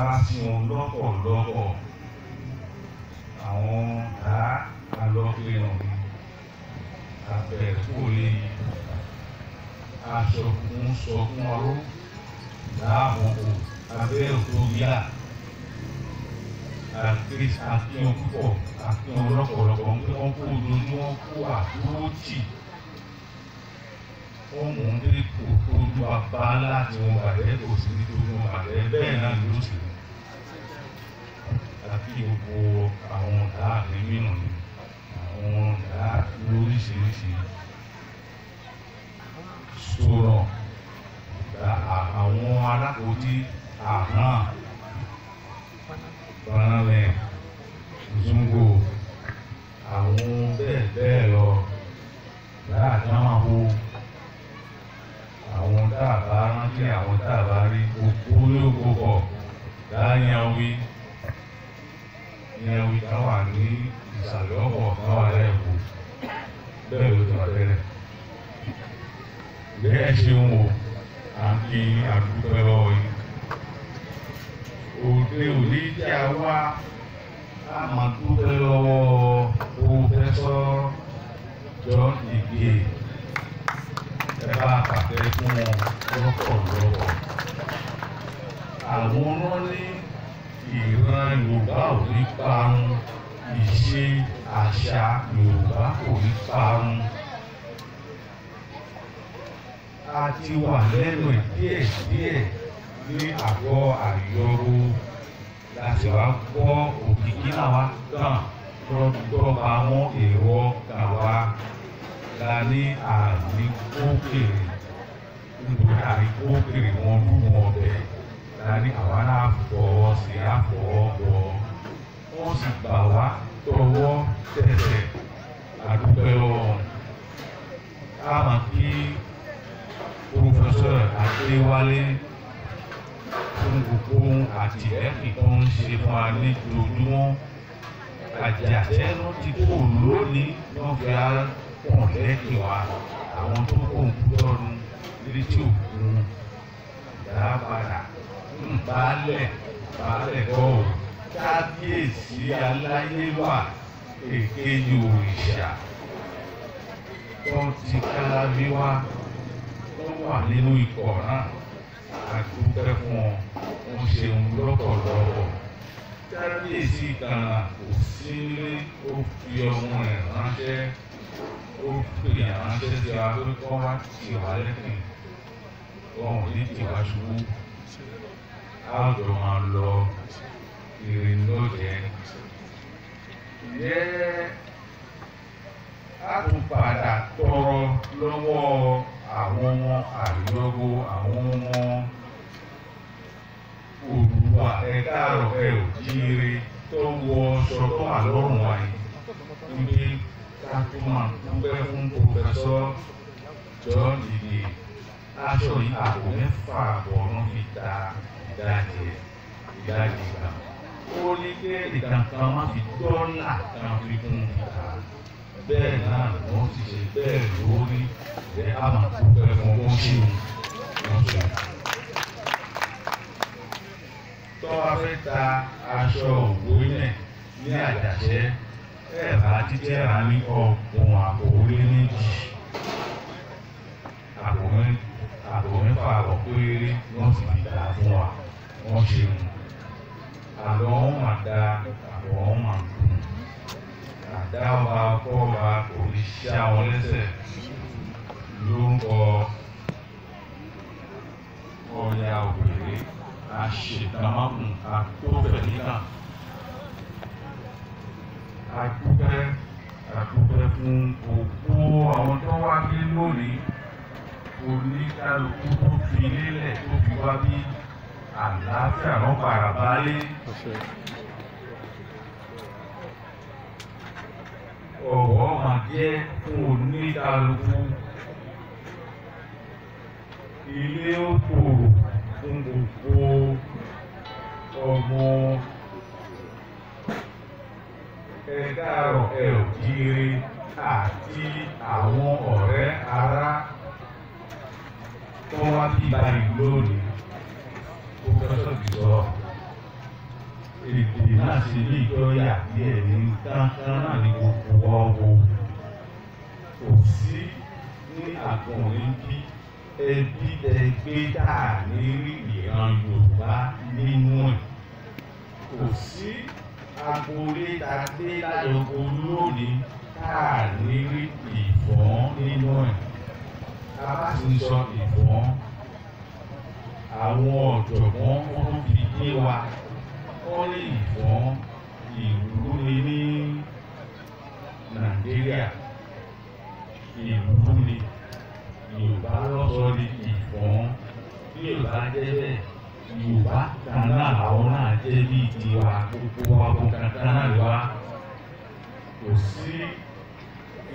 sá sí wọn lọ́pọ̀lọpọ̀ àwọn ọ̀tá alọ́pẹ̀ wọn àbẹ̀kú lè aṣọkùn sọkùn ọrú dáàbòbò abẹ́ òkúròmíà àfihàn púpọ̀ àfihàn lọ́pọ̀lọpọ̀ pé wọ́n kó lójú wọn kó àdúró tì wọ́n mú un dé kó ojú abá láti wọn bàjẹ́ kò sí nítorí wọn bàjẹ́ bẹ́ẹ̀ náà ló sì rí kí gbogbo àwọn ọ̀gá mi mìíràn ni àwọn ọ̀gá lóríṣiríṣi sọ̀rọ̀ àwọn alákòótì àhán bọ́nálẹ̀. ẹ̀wì kan wà ní ìsàlẹ̀ ọ̀pọ̀ kan wà lẹ́ẹ̀kọ́ bẹ́ẹ̀ ló ti wà tẹ́lẹ̀. Ǹjẹ́ ẹ ṣeun o, à ń kí àdúgbò lọ́wọ́ yìí. Òde òní tí a wá, a máa dúpẹ́ àṣà Yorùbá kò ní parun a ti wà lẹ́nu ẹ̀ díẹ̀díẹ̀ ní àgọ́ àyọrò láti wá gbọ́ òkìkí làwa tàn tọ́gbà wọn èrò ọkà wa la ní àníkókèrè nítorí àníkókèrè wọn lù wọn bẹ̀ la ní àwa náà fọwọ́ sí àfọwọ́ bọ̀ wọ́n sì gbà wá tọwọ́ tẹsẹ̀ àdúpẹ́ lọ́wọ́ a máa kí pòfẹ́sọ̀ Adéwálé fún gbogbo àtìlẹ́yìn tó ń ṣe fún wa lójoojúmọ́ àjàṣẹ́nu ti kò lónìí wọ́n fi hàn lẹ́yìn wa àwọn tó kò ń tọ́nu létí òkun ìdábàdà ń bá lẹ̀ kọ́ òun kábíyèsí aláyéwà èkejì òrìṣà tó ti kálábí wá tó wà nínú ikọ̀ náà àdúpẹ́ fún ọ wọ́n ṣeun lọ́pọ̀lọpọ̀ kábíyèsí kan kò sí nílé ó fi ọmọ rẹ̀ ránṣẹ́ ó pè ránṣẹ́ sí abẹ́kọ́ wá tì wá lẹ́kìn ọ̀hún ní tìwá ṣubú á jọ máa lọ you will know the end. Ǹjẹ́ a tún padà tọrọ lọ́wọ́ àwọn ọmọ àdúgbò àwọn ọmọ Òrùwà ẹ̀ka àròkẹ́ òjíire tó wọ aṣọ tó wà lọ́rùn wa yìí níbi ká mẹ́fà àbọ̀ ọ̀run fi da ìdajì ìdajì ìgbà ó ní pé ìdàkan má fi dọ́là kan fi kún un kà bẹ́ẹ̀ náà ló ti ṣe bẹ́ẹ̀ lórí ẹ̀ á máa kó pẹ́ fún owó sí òun. tọ́ a fẹ́ ta aṣọ òwò yẹn ní àjàṣẹ́ ẹ̀ bá jíjẹ́ ra ní ọ̀gbọ̀n àpò orí méjì àpò mẹ́fà àpò péré wọ́n sì fi dà fún wa wọ́n ṣe ń. Kalanma da ma ka dábàá kọ́ba kò ní ṣá wọn lẹ́sẹ̀ lórúkọ ọ̀ya òwèrè àṣetàmákùn àtọ́fẹ̀níkà àdúpẹ́ àdúpẹ́ fún òkú àwọn tó wá bí lónìí oníkálukú tó fi lélẹ̀ tó fi wá bí àlàáfíà náà fara balẹ̀. ọ̀wọ́ máa jẹ́ fún oníkálukú ilé òkòrò fún gbogbo ọmọ ẹ̀ka àrọ̀ ẹ̀ òjìire àti àwọn ọ̀rẹ́ ará tó wá pẹ́sọ̀ jùlọ èdè náà ṣe ní ìjọyà ní ẹ̀mí kankan náà ní gbogbo ọ̀wọ́ kò sí ní àgbọ̀nrín bí ẹbí ẹgbẹ́ tà ní rí ìran Yorùbá nínú ẹ̀ kò sí agboolé tàbí láyọ̀kọ̀ lónìí tà ní rí ìfọ́n nínú ẹ̀ tá bá ti sọ ìfọ́n àwọn ọ̀jọ̀gbọ́n wọ́n fi yé wa wọ́n lè fọ́n ìlú ni ní Nàìjíríà ìlú ni Yorùbá lọ́sọ̀ ni ìfọ́n bí Yorùbá jẹ́ bẹ́ẹ̀ Yorùbá kan náà àwọn náà jẹ́ bíi tiwa gbogbo wa kò kankan náà wá kò sí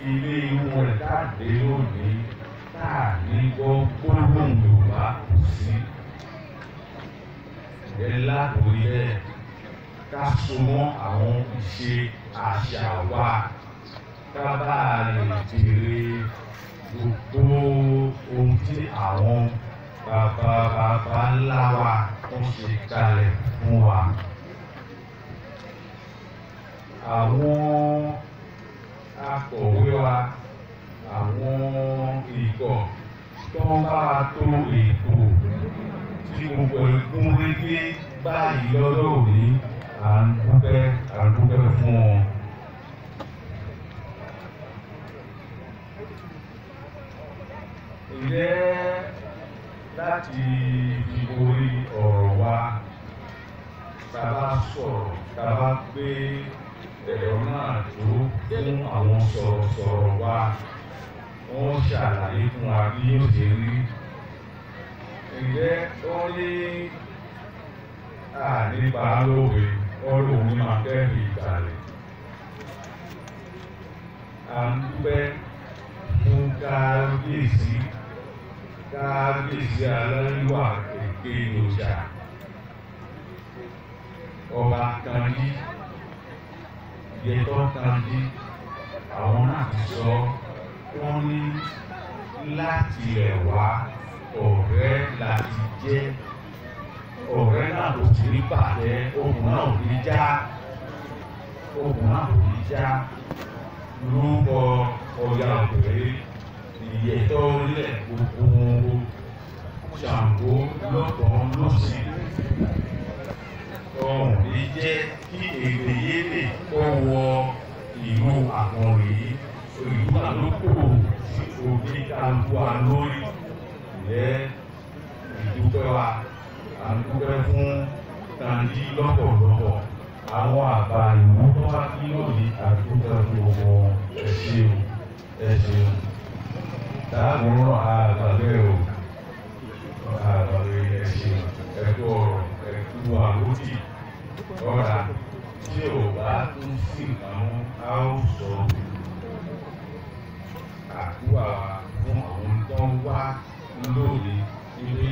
ilé ìwọ̀n rẹ̀ káàdé lónìí káà gbọ́ gbólóhùn Yorùbá kò sí ẹ̀la kò rí bẹ́ẹ̀ ká so mọ́ àwọn ìṣe àṣà wa ká bá a lè béèrè gbogbo ohun tí àwọn bàbá bàbá ńlá wa tó ṣe kalẹ̀ fún wa. Àwọn akọ̀wé wa àwọn ikọ̀ tó ń bá a tó ètò tí gbogbo ìkún rí pé báyìí lọ́dọ̀ òní à ń dúpẹ́ à ń dúpẹ́ fún wọn. ǹjẹ́ láti ìborí ọ̀rọ̀ wa tá sọ̀rọ̀ tá a ẹ̀rọ náà tó fún àwọn sọ̀rọ̀sọ̀rọ̀ wa wọ́n ṣàlàyé fún wa bí yóò ṣe rí ǹjẹ́ ó ní nípa lówe ọlọ́run ní máa kẹ́rì ìgbàlẹ̀. à ń dúpẹ́ fún kábíyèsí kábíyèsí aláríwá èké ìlòjà ọba kanjí yẹtọ́ kanjí àwọn náà ti sọ wọ́n ní láti ẹ̀ ọ̀rẹ́ la ti jẹ́ ọ̀rẹ́ náà ló ti rí bàjẹ́ ogun náà ò ní já ogun náà ò ní já lórúkọ ọ̀yà òkèrè ìyẹ̀tọ́ orílẹ̀ gbogbo ṣàǹgó lọ́tọ̀ọ́ lọ́sìn ọ̀hún ní jẹ́ kí èrè. wa à ń dúpẹ́ fún kandi lọ́pọ̀lọpọ̀ àwọn àgbà ìlú tó wá kí lónìí àdúgbò fún gbogbo ẹ ṣeun ẹ ṣeun táàbù ń ràn àgbàgbé o àgbàgbé ẹ ṣeun ẹ kú ọ̀rọ̀ ẹ kú àlódì ọ̀rà tí ò bá tún sí àwọn àwòsọ àkúwà fún àwọn tó ń wá lónìí ilé.